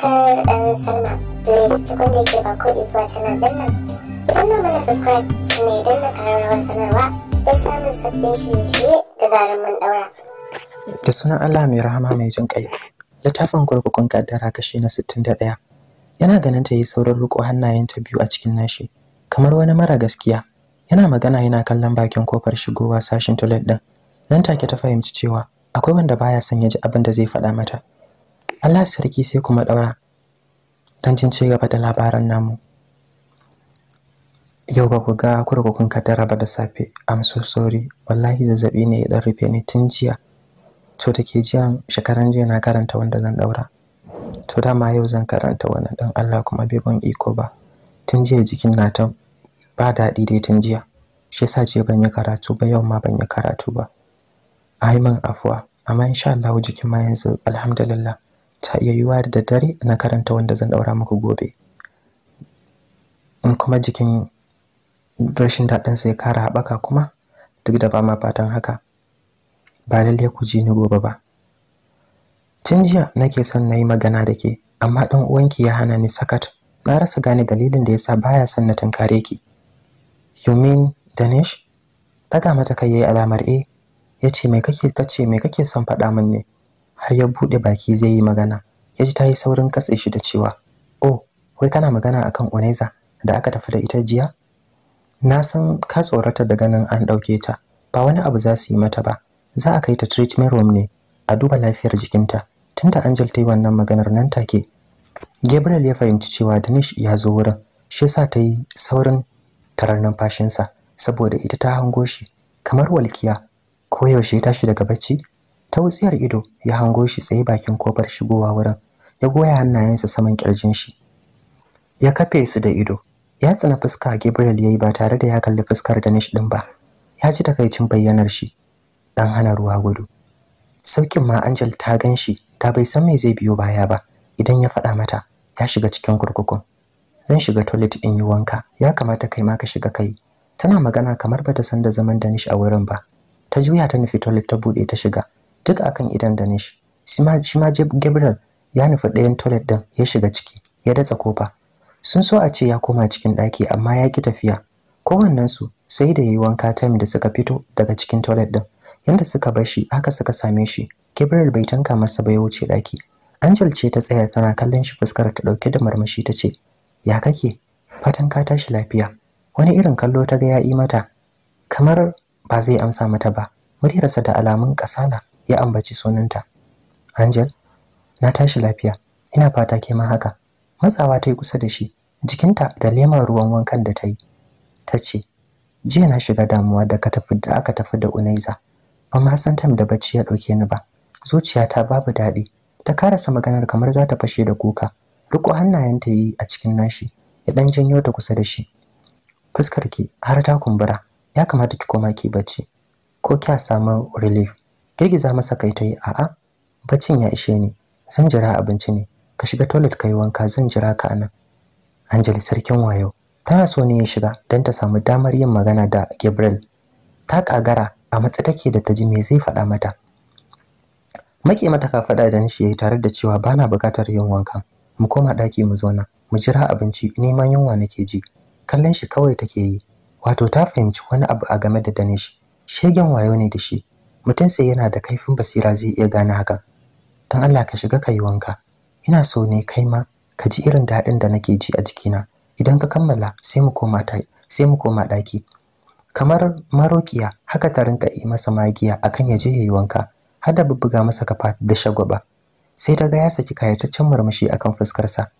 subscribe and sign up. Please da ba ko subscribe sanarwa don samun da sunan Allah mai rahama mai jin kai. Littafin kurkukun kaddara kashi na 61. Yana ganin ta yi saurin hannayen ta biyu a cikin nashi, kamar wani mara gaskiya. Yana magana yana kallon bakin kofar shigowa sashin toilet din. Nan take ta fahimci cewa akwai wanda baya son ya ji abin da zai faɗa mata. Allah sarki sai kuma daura don jin ci gaba da labaran namu yau ba ku ga kurkukun kadara raba da safe am so sorry wallahi zazzabi ne ya dan rufe ni tun jiya to take jiya shekaran jiya na karanta wanda zan ɗaura. to dama yau zan karanta wannan dan Allah kuma bai ban iko ba tun jiya jikin na ta ba daɗi dai tun jiya shi yasa jiya ban yi karatu ba yau ma ban yi karatu ba ai man afuwa amma insha Allah jikin ma yanzu alhamdulillah ta iya yiwuwa da daddare na karanta wanda zan ɗaura muku gobe in kuma jikin rashin daɗin sai kara haɓaka kuma duk da ba ma fatan haka ba lalle ku ji ni gobe ba tun jiya nake son na yi magana da ke amma ɗan uwanki ya hana ni sakat na rasa gane dalilin da ya yasa baya son na tunkare ki you mean danish ɗaga mata kai yayi alamar e ya me mai kake son faɗa min ne har ya bude baki zai yi magana ya ji ta yi saurin katse shi da cewa oh wai kana magana akan oneza da aka tafi da ita jiya na san ka tsorata da ganin an ɗauke ta ba wani abu za su yi mata ba za a kai ta treatment room ne a duba lafiyar jikinta tunda Angel ta yi wannan maganar nan take Gabriel ya fahimci cewa Danish ya zo wurin shi yasa ta yi saurin tarar numfashinsa saboda ita ta hango shi kamar walkiya koyaushe ya tashi daga bacci ta wutsiyar ido ya hango shi tsaye bakin kofar shigowa wurin ya goya hannayensa saman kirjin shi ya kafe su da ido ya tsina fuska Gabriel ya yi ba tare da ya kalli fuskar Danish din ba ya ji takaicin bayyanar shi dan hana ruwa gudu saukin ma Angel ta gan shi ta bai san me zai biyo baya ba idan ya faɗa mata ya shiga cikin kurkukun zan shiga toilet in yi wanka ya kamata kai ma ka shiga kai tana magana kamar bata san da zaman Danish a wurin ba ta juya ta nufi toilet ta buɗe ta shiga duk akan idan da nishi shi ma gabriel ya nufi ɗayan toilet ɗin ya shiga ciki ya datsa kofa sun so a ce ya koma cikin ɗaki amma ya ki tafiya kowannensu sai da ya yi wanka time da suka fito daga cikin toilet ɗin yanda suka bar shi haka suka same shi gabriel bai tanka masa ba ya wuce ɗaki angel ce ta tsaya tana kallon shi fuskar ta ɗauke da marmashi ta ce ya kake fatan ka tashi lafiya wani irin kallo ta ga ya yi mata kamar ba zai amsa mata ba muryarsa da alamun kasala ya ambaci sunanta angel na tashi lafiya ina fata ke ma haka matsawa ta yi kusa da shi jikinta da leman ruwan wankan da ta yi ta ce jiya na shiga damuwa da da aka tafi da unaiza ba ma tam da bacci ya ɗauke ni ba Zuciya ta babu daɗi ta karasa maganar kamar za ta fashe da kuka riko ta yi a cikin nashi ya ɗan janyo ta kusa da shi Fuskar ki, har ta kumbura ya kamata ki koma ki bacci ko kya samu relief girgiza masa kai ta yi a'a baccin ya ishe ni zan jira abinci ne ka shiga toilet ka yi wanka zan jira ka anan Anjali sarkin wayo tana so ne ya shiga don ta samu damar yin magana da Gabriel ta kagara a matsa take da ta ji me zai faɗa mata Maki mata ka faɗa da shi yayi tare da cewa bana buƙatar yin wanka. mu koma ɗaki mu zauna mu jira abinci neman yunwa nake ji kallon shi kawai take yi wato ta fahimci wani abu a game da Danish shegen wayo ne da shi mutum sai yana da kaifin basira zai iya gane hakan don Allah ka shiga ka yi wanka ina so ne kai ma ka ji irin daɗin da nake ji a jikina idan ka kammala sai mu koma sai mu koma ɗaki kamar marokiya haka ta rinka yi masa magiya akan ya je ya yi wanka har da bubbuga masa kafa da shagwaba sai ta ga ya saki kayataccen murmushi akan fuskarsa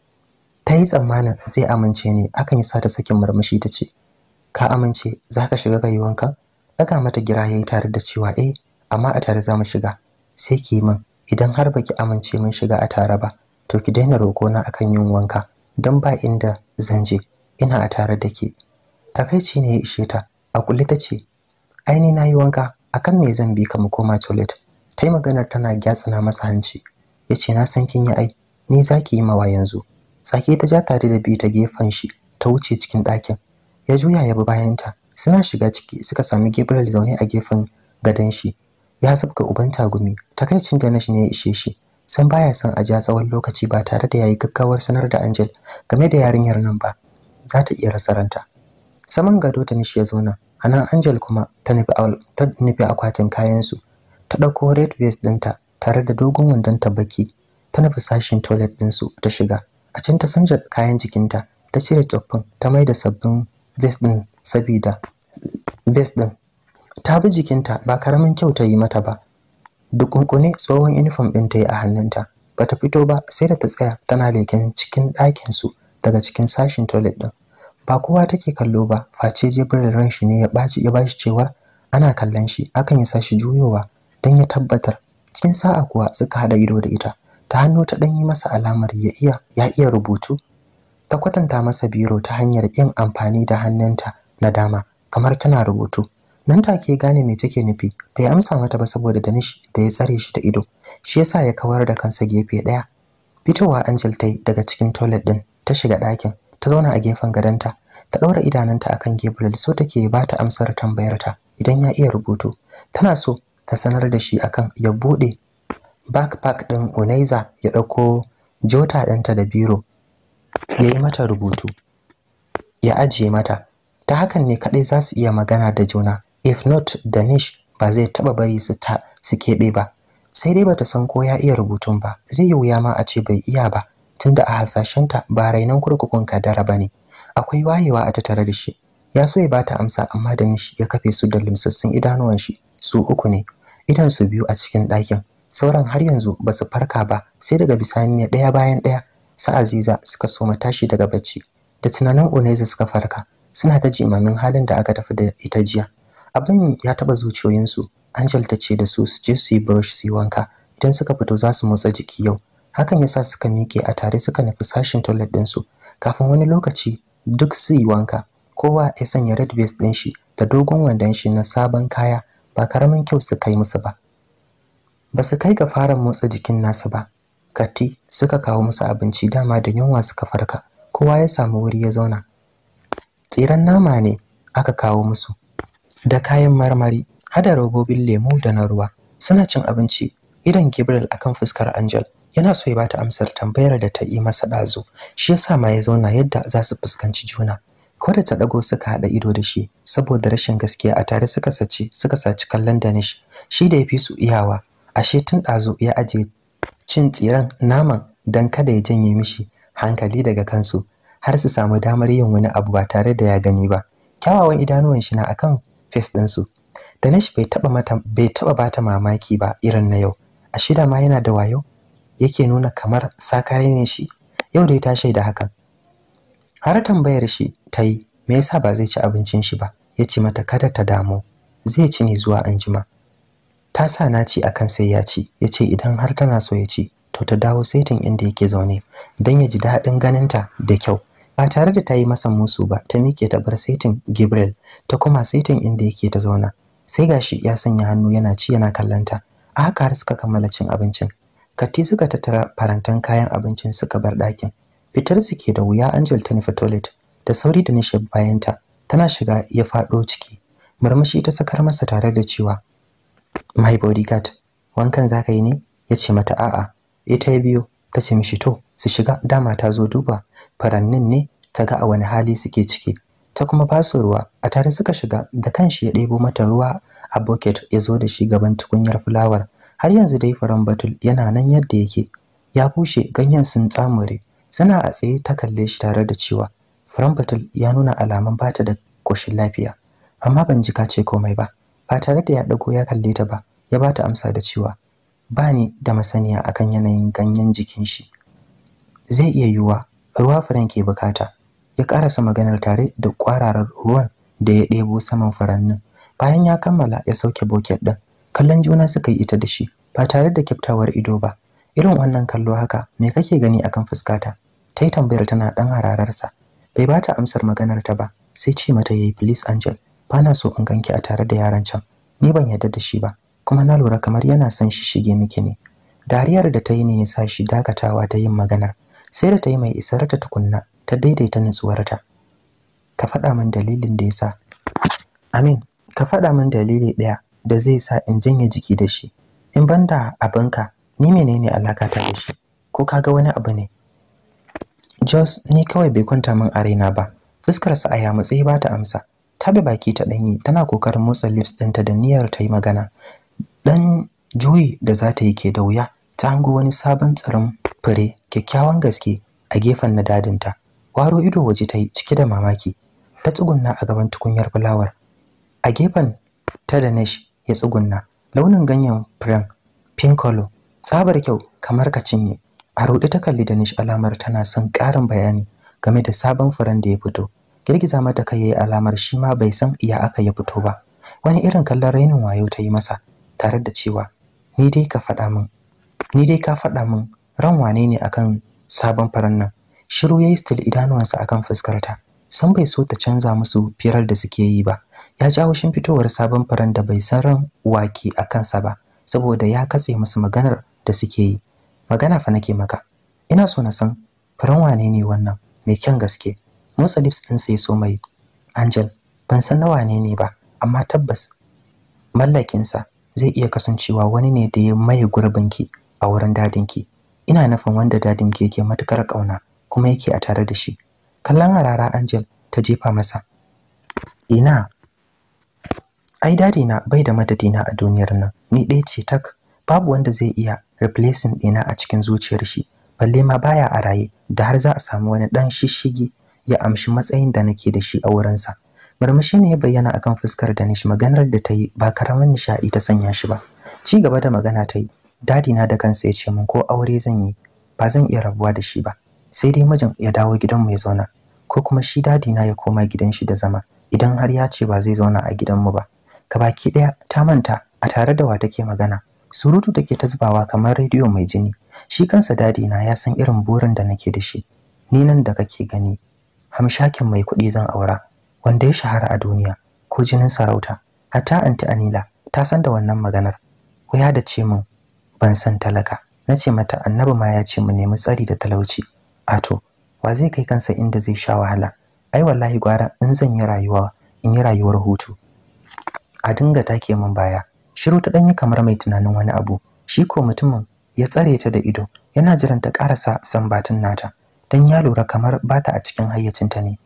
ta yi tsammanin zai amince ne akan yi ta sakin murmushi ta ce ka amince za ka shiga ka yi wanka ɗaga mata gira ya yi tare da cewa eh amma a tare za mu shiga sai ki yi min idan har baki amince min shiga a tare ba to ki daina na akan yin wanka don ba inda zan je ina a tare da ke takaici ne ya ishe ta a kulle ta ce aini na yi wanka akan me zan bi ka mu koma toilet ta yi maganar tana gyatsana masa hanci ya ce na san kin yi ai ni za ki yi mawa yanzu tsaki ta ja tare da bi ta gefen shi ta wuce cikin ɗakin ya juya ya bi bayanta suna shiga ciki suka sami gabriel zaune a gefen gadon shi ya sabka uban tagumi takaicin shi ne ya ishe shi san baya san a ja tsawon lokaci ba tare da yayi gaggawar sanar da Angel game da yarinyar nan ba za ta iya rasa ranta saman gado ta ya zauna anan Angel kuma ta nufi ta nufi akwatin kayan su ta dauko red vest ɗinta tare da dogon wandon ta baki ta nufi sashin toilet din su ta shiga a can ta sanja kayan jikinta ta cire tsoffin ta mai da sabbin vest din sabida vest din ta bi jikinta ba karamin kyau ta yi mata ba dukunkune tsohon uniform ɗin ta yi a hannunta ba ta fito ba sai da ta tsaya tana leken cikin ɗakin su daga cikin sashin toilet ɗin ba kowa take kallo ba face jibril ran shi ne ya baci ya bashi cewar ana kallon shi akan ya sashi juyowa don ya tabbatar cikin sa'a kuwa suka hada ido da ita ta hannu ta ɗan yi masa alamar ya iya ya iya rubutu ta kwatanta masa biro ta hanyar yin amfani da hannunta na dama kamar tana rubutu nan take gane me take nufi bai amsa mata ba saboda danish da ya tsare shi da ido shi yasa ya kawar da kansa gefe daya fitowa angel tai daga cikin toilet din ta shiga dakin. ta zauna a gefen gadonta ta ɗaura idananta akan gabriel so take ba ta amsar tambayar ta idan ya iya rubutu tana so ta sanar da shi akan ya buɗe backpack ɗin Oneza, ya ɗauko jota ɗinta da biro ya yi mata rubutu ya ajiye mata ta hakan ne kaɗai za su iya magana da juna if not danish ba zai taba bari su ta su keɓe ba sai dai bata san ko ya iya rubutun ba zai yi wuya ma a ce bai iya ba tunda a hasashenta ba rainan kurkukun kadara ne. akwai wayewa a tattare da shi ya so ya bata amsa amma danish ya kafe su da limsassun idanuwan shi su uku ne idan su biyu a cikin ɗakin sauran har yanzu ba su farka ba sai daga bisani ne ɗaya bayan ɗaya sa aziza suka soma tashi daga bacci da tunanin uneza suka farka suna ta jimamin halin da aka tafi da ita jiya abin ya taba zuciyoyinsu Angel ta ce da su su je su yi brush su yi wanka idan suka fito za su motsa jiki yau hakan ya sa suka miƙe a tare suka nufi sashin toilet ɗinsu kafin wani lokaci duk su yi wanka kowa ya sanya red vest ɗin shi da dogon wandon shi na sabon kaya ba karamin kyau su kai musu ba ba su kai ga fara motsa jikin nasu ba Kati suka kawo musu abinci dama da yunwa suka farka kowa ya samu wuri ya zauna tsiran nama ne aka kawo musu da kayan marmari hada robobin lemu da na ruwa suna cin abinci idan Gabriel akan fuskar Angel yana so ya bata amsar tambayar da ta yi masa dazu shi yasa ma ya zauna yadda za su fuskanci juna da ta dago suka hada ido da shi saboda rashin gaskiya a tare suka sace suka saci kallon Danish shi da ya fi su iyawa ashe tun dazu ya aje cin tsiran naman dan kada ya janye mishi hankali daga kansu har su samu damar yin wani abu ba tare da ya gani ba kyawawan idanuwan shi na akan face ɗin danish bai taba mata bai taɓa bata mamaki ba irin na yau a shida ma yana da wayo yake nuna kamar sakare ne shi yau dai ta shaida hakan har tambayar shi ta me yasa ba zai ci abincin shi ba ya ce mata kada ta damu zai ci ne zuwa anjima ta sa na ci akan sai ya ci yace idan har tana so ya ci to ta dawo saitin inda yake zaune dan ya ji daɗin ganinta da kyau ba tare da ta yi masa musu ba ta miƙe ta bar saitin Gabriel ta kuma saitin inda yake ta zauna sai gashi ya sanya hannu yana ci yana kallanta a haka har suka kammala cin abincin Katti suka tattara farantan kayan abincin suka bar ɗakin fitar su ke da wuya Angel ta nufi toilet da sauri da nishe bayanta tana shiga ya faɗo ciki murmushi ta sakar masa tare da cewa my bodyguard wankan zaka yi ne ya ce mata a'a ita ya biyo ta ce mishi to su shiga dama ta zo duba farannin ne ta ga a wani hali suke ciki ta kuma ba su ruwa a tare suka shiga da kan shi ya ɗebo mata ruwa a bucket ya zo da shi gaban tukunyar fulawar har yanzu dai faran batul yana nan yadda yake ya bushe ganyen sun tsamure suna a tsaye ta kalle shi tare da cewa faran batul ya nuna alamun bata da koshin lafiya amma ban ji ce komai ba ba tare da ya ɗago ya kalle ta ba ya bata amsa da cewa Bani da masaniya akan yanayin ganyen jikin shi zai iya yiwuwa ruwa furen ke bukata ya karasa maganar tare da kwararar ruwan da ya ɗebo saman furannin bayan ya kammala ya sauke boket ɗin kallon juna suka yi ita da shi ba tare da kyaftawar ido ba irin wannan kallo haka me kake gani akan fuskata ta yi tambayar tana ɗan hararsa bai ba ta amsar maganar ta ba sai ce mata yayi please angel ba na so in ganki a tare da yaran can ni ban yarda da shi ba kuma na lura kamar yana son shi shige miki ne dariyar da ta yi ne ya sa shi dakatawa ta yin maganar sai da ta yi mai isar ta tukunna ta daidaita nutsuwarta ka faɗa min dalilin da ya sa amin ka faɗa min dalili ɗaya da zai sa in janye jiki da shi in banda abinka ni menene alakata da shi ko ga wani abu ne Jos ni kawai bai kwanta min a raina ba fuskarsa a yamutse ba ta amsa ta bi baki ta danyi tana kokarin motsa lips ɗinta da niyyar ta yi magana dan juyi da za ta yi ke da wuya ta hango wani sabon tsaron fure kyakkyawan gaske a gefen na dadinta waro ido waje ta yi cike da mamaki ta tsugunna a gaban tukunyar fulawar a gefen ta da nesh ya tsugunna launin ganyen firen, pink tsabar kyau kamar ka cinye a ruɗe ta kalli da nish alamar tana son ƙarin bayani game da sabon furen da ya fito girgiza mata kai yayi alamar shi ma bai san iya aka ya fito ba wani irin kallon rainin wayo ta yi masa tare da cewa ni dai ka faɗa min ni dai ka faɗa min ran wane ne akan sabon faran nan shiru yayi stil idanuwansa akan fuskar ta san bai so ta canza musu firar da suke yi ba ya ji haushin fitowar sabon faran da bai san ran wake a kansa ba saboda ya katse musu maganar da suke yi magana fa nake maka ina so na san faran wane ne wannan mai kyan gaske motsa lips din sai so mai angel ban san na wane ne ba amma tabbas mallakinsa zai iya kasancewa wani ne da ya maye gurbinki a wurin dadinki ina nufin wanda dadin ke ke matukar kauna kuma yake a tare da shi kallon harara Angel ta jefa masa ina ai dadi na bai da madadi na a duniyar nan ni ɗaya ce tak babu wanda zai iya replacing ɗina a cikin zuciyar shi balle ma baya a raye da har za a samu wani ɗan shishigi ya amshi matsayin da nake da shi a wurinsa murmushi ne ya bayyana akan fuskar Danish maganar da ta yi ba karamin nishaɗi ta sanya shi ba ci gaba da magana ta yi dadi na da kansa ya ce min ko aure zan yi ba zan iya rabuwa da shi ba sai dai mijin ya dawo gidanmu ya zauna ko kuma shi dadi na ya koma gidan shi da zama idan har ya ce ba zai zauna a gidan mu ba ka baki daya ta manta a tare da wa take magana surutu take ta zubawa kamar rediyo mai jini shi kansa dadi na ya san irin burin da nake da shi ni nan da kake gani hamshakin mai kuɗi zan aura wanda ya shahara a duniya ko jinin sarauta hatta anti anila ta san da wannan maganar Waya da ce min ban san talaka na ce mata annabi ma ya ce mu nemi tsari da talauci a to wa zai kai kansa inda zai sha wahala ai wallahi gwara in zan yi rayuwa in yi rayuwar hutu a dinga take min baya shiru ta danyi kamar mai tunanin wani abu shi ko mutumin ya tsare ta da ido yana jiran ta karasa sambatin nata dan ya lura kamar ba ta a cikin hayyacinta ne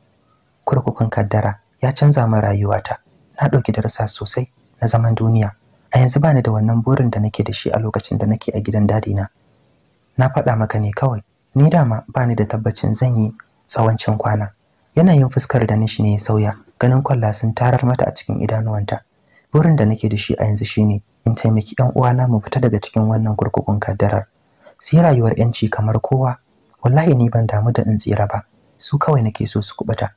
kurkukun kaddara ya canza min rayuwata na ɗauki darasa sosai na zaman duniya a yanzu bani da wannan burin da nake da shi a lokacin da nake a gidan dadi na na faɗa maka ne kawai ni dama bani da tabbacin zan yi tsawancin kwana yanayin fuskar da nishi ne ya sauya ganin kwalla sun tarar mata a cikin idanuwanta burin da nake da shi a yanzu shine in taimaki yan uwana mu fita daga cikin wannan kurkukun kaddarar su yi rayuwar yanci kamar kowa wallahi ni ban damu da in tsira ba su kawai nake so su kubuta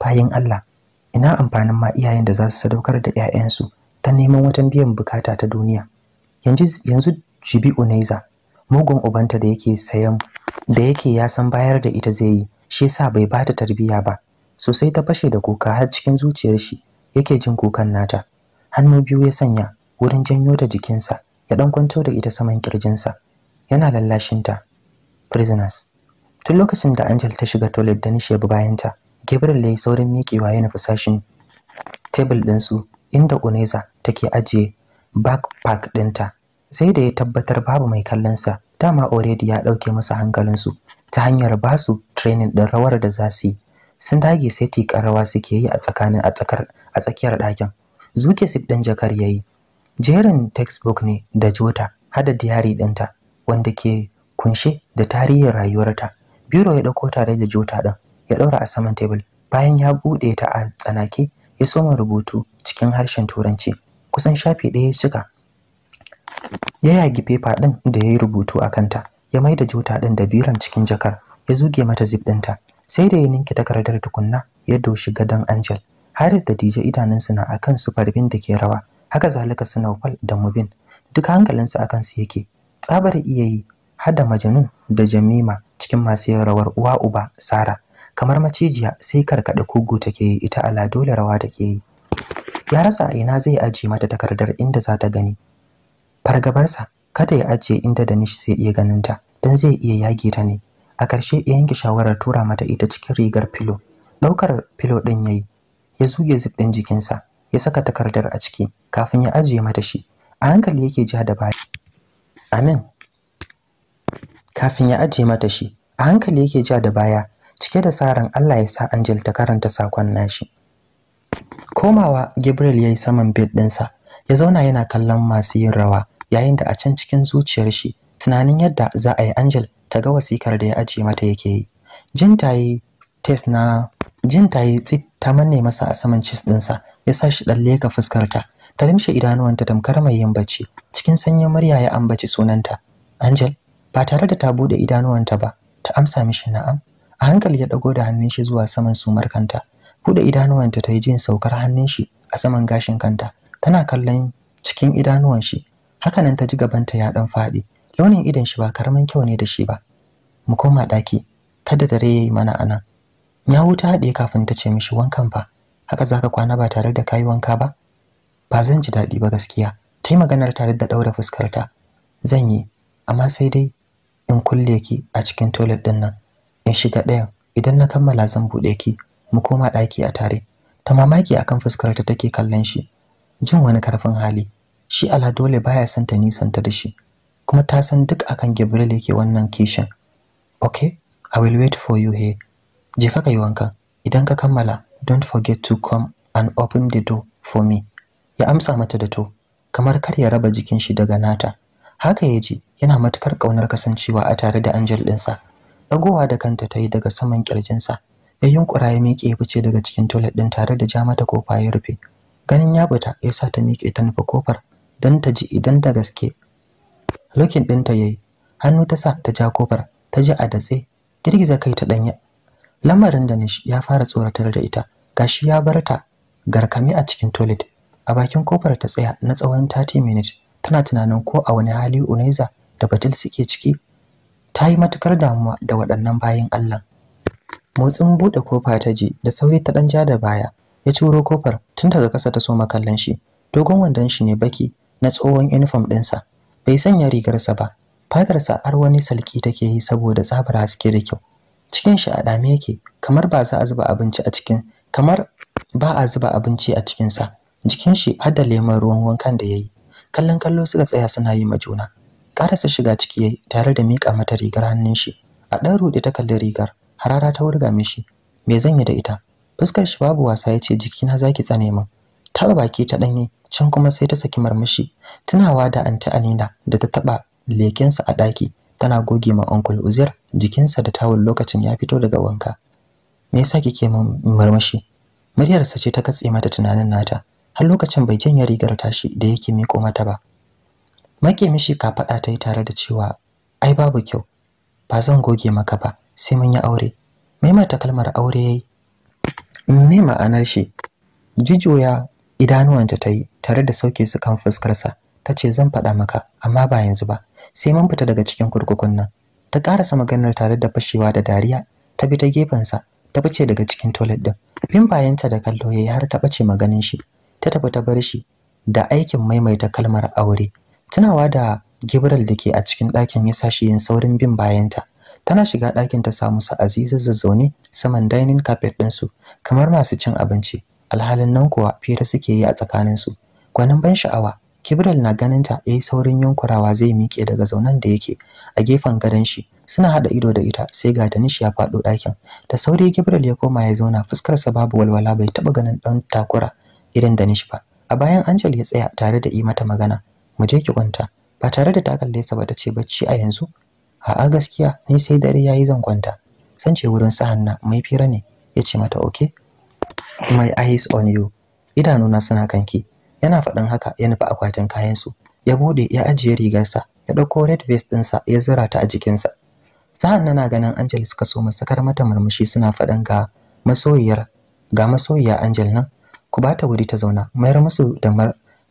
bayan Allah ina amfanin ma iyayen da za su sadaukar da 'ya'yansu ta neman wajen biyan bukata ta duniya yanzu jibi unaiza mugun ubanta da yake sayan da yake ya san bayar da ita zai yi shi yasa bai ba ta tarbiyya ba sosai ta fashe da kuka har cikin zuciyar shi yake jin kukan nata hannu biyu ya sanya wurin janyo da jikinsa ya dan kwanto da ita saman kirjinsa yana lallashinta prisoners tun lokacin da Angel ta shiga toilet da nishe bayanta Gabriel ya yi saurin miƙewa ya nufi sashin ɗinsu inda Uneza take ajiye backpack dinta, Sai da ya tabbatar babu mai kallonsa, dama already ya ɗauke masa hankalinsu ta hanyar basu training ɗin rawar da za su yi. Sun dage sai tiƙar rawa suke yi a tsakanin a tsakiyar ɗakin. Zuke sip ɗin jakar yayi. Jerin textbook ne da jota hada diary ɗinta wanda ke kunshe da tarihin rayuwarta. Biro ya ɗauko tare da jota ɗin ya ɗaura a saman table bayan ya buɗe ta a tsanake ya soma rubutu cikin harshen turanci kusan shafi ɗaya suka ya yagi fefa ɗin da ya yi rubutu a kanta ya mai da jota ɗin da biran cikin jakar ya zuge mata zip ɗinta sai da ya ninke takardar tukunna ya doshi gadon angel haris da dj idanunsu na akan su farbin da ke rawa haka zalika su naufal da mubin duk hankalinsu a kansu yake tsabar iyayi Hada majanun da jamima cikin masu yin rawar uwa uba sara kamar macijiya sai karkaɗa kugu take yi ita ala dole rawa take yi ya rasa a ina zai aje mata takardar inda za ta gani fargabarsa kada ya ajiye inda da nishi zai iya ganin ta don zai iya yage ta ne a ƙarshe ya yanke shawarar tura mata ita cikin rigar filo ɗaukar filo ɗin ya yi ya zuge zip ɗin jikinsa ya saka takardar a ciki kafin ya ajiye mata shi a hankali yake ja da baya amin kafin ya ajiye mata shi a hankali yake ja da baya cike da tsarin Allah ya sa Angel ta karanta sakon nashi komawa Gabriel ya yi saman bed ɗinsa ya zauna yana kallon masu yin rawa yayin da a can cikin zuciyar shi tunanin yadda za a yi Angel ta ga wasikar da ya aje mata yake yi jin tayi test na jin tsit ta manne masa a saman chest ɗinsa ya sa shi ɗan leka fuskarta ta limshe idanuwanta tamkar mai yin bacci cikin sanyin murya ya ambaci sunanta Angel ba tare da ta bude idanuwanta ba ta amsa mishi na'am a hankali ya dago da hannun shi zuwa saman sumar kanta bude idanuwanta ta yi jin saukar hannun shi a saman gashin kanta tana kallon cikin idanuwan shi Haka nan ta ji gabanta ya dan faɗi launin idan shi ba karamin kyau ne da shi ba mu koma ɗaki kada dare ya yi mana ana ya wuta haɗe kafin ta ce mishi wankan fa haka zaka kwana ba tare da kayi wanka ba ba zan ji daɗi ba gaskiya ta yi maganar tare da ɗaura fuskarta zan yi amma sai dai in kulle ki a cikin toilet ɗin nan in shiga ɗayan idan na kammala zan buɗe ki mu koma ɗaki a tare ta mamaki akan fuskar ta take kallon shi jin wani karfin hali shi ala dole baya son ta nisanta da shi kuma ta san duk akan Gabriel yake wannan kishin okay i will wait for you here je ka kai wanka idan ka kammala don't forget to come and open the door for me ya amsa mata da to kamar kar ya raba jikin shi daga nata haka ya ji yana matukar kaunar kasancewa a tare da Angel ɗinsa dagowa da kanta ta yi daga saman kirjinsa ya yunkura ya miƙe ya fice daga cikin toilet din tare da ja mata kofa ya rufe ganin ya bata ya sa ta miƙe ta nufa kofar don ta ji idan da gaske lokin ɗinta ya yi hannu ta sa ta ja kofar ta ji a datse girgiza kai ta ɗanya lamarin da nish ya fara tsoratar da ita gashi ya bar ta garkami a cikin toilet a bakin kofar ta tsaya na tsawon 30 minutes tana tunanin ko a wani hali Uneza da Batil suke ciki ta yi matukar damuwa da waɗannan bayan Allah. Motsin buɗe kofa ta ji da sauri ta ɗan ja da baya, ya ciro kofar tun daga ƙasa ta so kallon shi. Dogon wandon shi ne baki na tsohon uniform ɗinsa. Bai sanya rigarsa ba, fatarsa har wani salki take yi saboda tsabar haske da kyau. Cikin shi a ɗame yake, kamar ba za a zuba abinci a cikin, kamar ba a zuba abinci a cikinsa. Jikin shi har da lemon ruwan wankan da ya yi. Kallon kallo suka tsaya suna yi ma juna. karasa shiga ciki yayi tare da mika mata rigar hannun shi a dan rude ta kalli rigar harara ta wurga mishi me zan yi da ita fuskar shi babu wasa yace jikina zaki tsane min Taɓa baki ta danye can kuma sai ta saki marmishi tunawa da anti Anina da ta taba lekensa a daki tana goge ma uncle Uzair jikinsa da tawul lokacin ya fito daga wanka me yasa kike min muryar muryarsa ce ta katse mata tunanin nata har lokacin bai janye rigar tashi da yake miko mata ba Make mishi kafaɗa ta yi tare da cewa ai babu kyau ba zan goge maka ba sai mun yi aure maimaita kalmar aure yayi me ma'anar shi Jijoya idanuwanta ta yi tare da sauke su kan fuskarsa ta ce zan faɗa maka amma ba yanzu ba sai mun fita daga cikin kurkukun nan ta karasa maganar tare da fashewa da dariya ta bi ta gefensa ta bace daga cikin toilet din bayanta da kallo yayi har ta bace maganin shi ta tafi ta bar shi da aikin maimaita kalmar aure tunawa da Gabriel da ke a cikin ɗakin ya sashi yin saurin bin bayanta tana shiga ɗakin ta samu su Aziza zazzaune saman dining carpet ɗinsu kamar masu cin abinci alhalin nan kuwa fira suke yi a tsakaninsu gwanin ban sha'awa Kibril na ganin ta yi saurin yunkurawa zai miƙe daga zaunen da yake a gefen gadon shi suna haɗa ido da ita sai ga Danish ya faɗo ɗakin da sauri Kibril ya koma ya zauna fuskar sa babu walwala bai taɓa ganin ɗan takura irin Danish ba a bayan Angel ya tsaya tare da yi mata magana mu je ki kwanta ba tare da ta kalle sa ba ta ce bacci a yanzu a'a gaskiya ni sai dare yayi zan kwanta san ce wurin sa hanna mai fira ne ya ce mata okay my eyes on you nuna suna kanki yana faɗin haka ya nufi akwatin kayansu ya bude ya ajiye rigarsa ya ɗauko red vest sa ya zura ta a jikinsa sa'an nana ganin Angel suka so masakar mata murmushi suna faɗin ga masoyiyar ga masoyiya Angel nan ku ba ta wuri ta zauna mayar musu da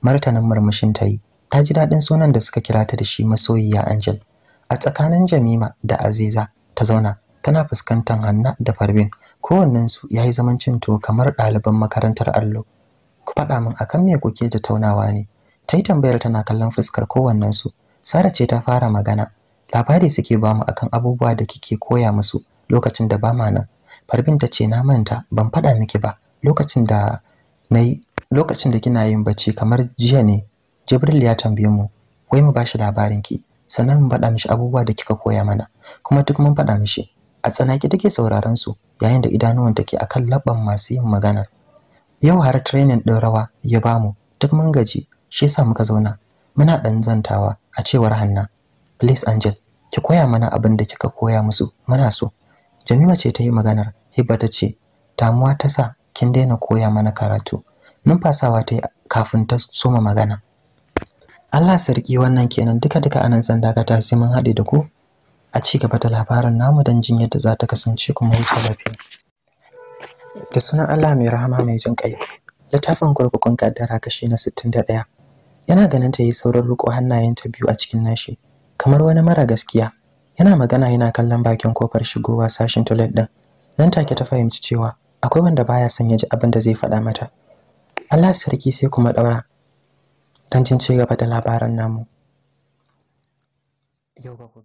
martanin murmushin ta yi ta ji daɗin sunan da suka kira ta da shi masoyiya Angel. A tsakanin Jamima da Aziza ta zauna tana fuskantar Hanna da Farbin. su ya yi zaman cin tuwo kamar ɗaliban makarantar allo. Ku faɗa min akan me kuke tattaunawa ne? Ta yi tambayar tana kallon fuskar kowannensu. Sara ce ta fara magana. Labari suke ba mu akan abubuwa da kike koya musu lokacin da ba ma nan. Farbin ta ce na manta ban faɗa miki ba lokacin da na lokacin da kina yin bacci kamar jiya ne Jibril ya tambaye mu wai mu bashi labarin ki sannan mu faɗa mishi abubuwa da kika koya mana kuma duk mun faɗa mishi a tsanaki take sauraron su yayin da idanuwan take akan labban masu yin maganar yau har training ɗin rawa ya bamu duk mun gaji shi yasa muka zauna muna dan zantawa a cewar Hanna please Angel ki koya mana abin da kika koya musu muna so Jamila ce ta yi maganar Hibba ta ce damuwa ta sa kin daina koya mana karatu numfasawa ta kafin ta soma magana Allah sarki wannan kenan duka duka anan zan dakata sai mun haɗe da ku a ci gaba da labarin namu don jin yadda za ta kasance kuma wuce lafiya da sunan Allah mai rahama mai jin ƙai littafin kurkukun kaddara kashi na 61 yana ganin ta yi saurin hannayen ta biyu a cikin nashi kamar wani mara gaskiya yana magana yana kallon bakin kofar shigowa sashin toilet ɗin. nan take ta fahimci cewa akwai wanda baya son ya ji abin da zai faɗa mata Allah sarki sai kuma ɗaura don cin ci gaba da labaran namu. Yau